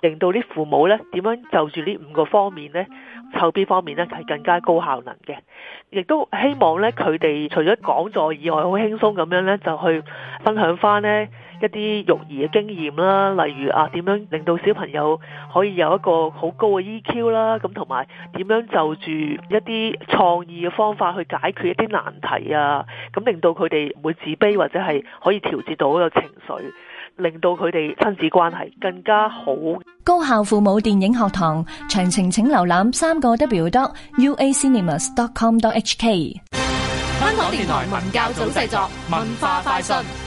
令到啲父母呢，點樣就住呢五個方面呢，湊邊方面呢，係更加高效能嘅，亦都希望呢，佢哋除咗講座以外，好輕鬆咁樣呢，就去分享返呢一啲育兒嘅經驗啦，例如啊點樣令到小朋友可以有一個好高嘅 EQ 啦，咁同埋點樣就住一啲創意嘅方法去解決一啲難題啊，咁令到佢哋唔會自卑或者係可以調節到個情緒，令到佢哋親子關係更加好。高校父母電影學堂，詳情請瀏覽三個 w dot u a cinemas dot com dot h k。香港電台文教組製作，文化快訊。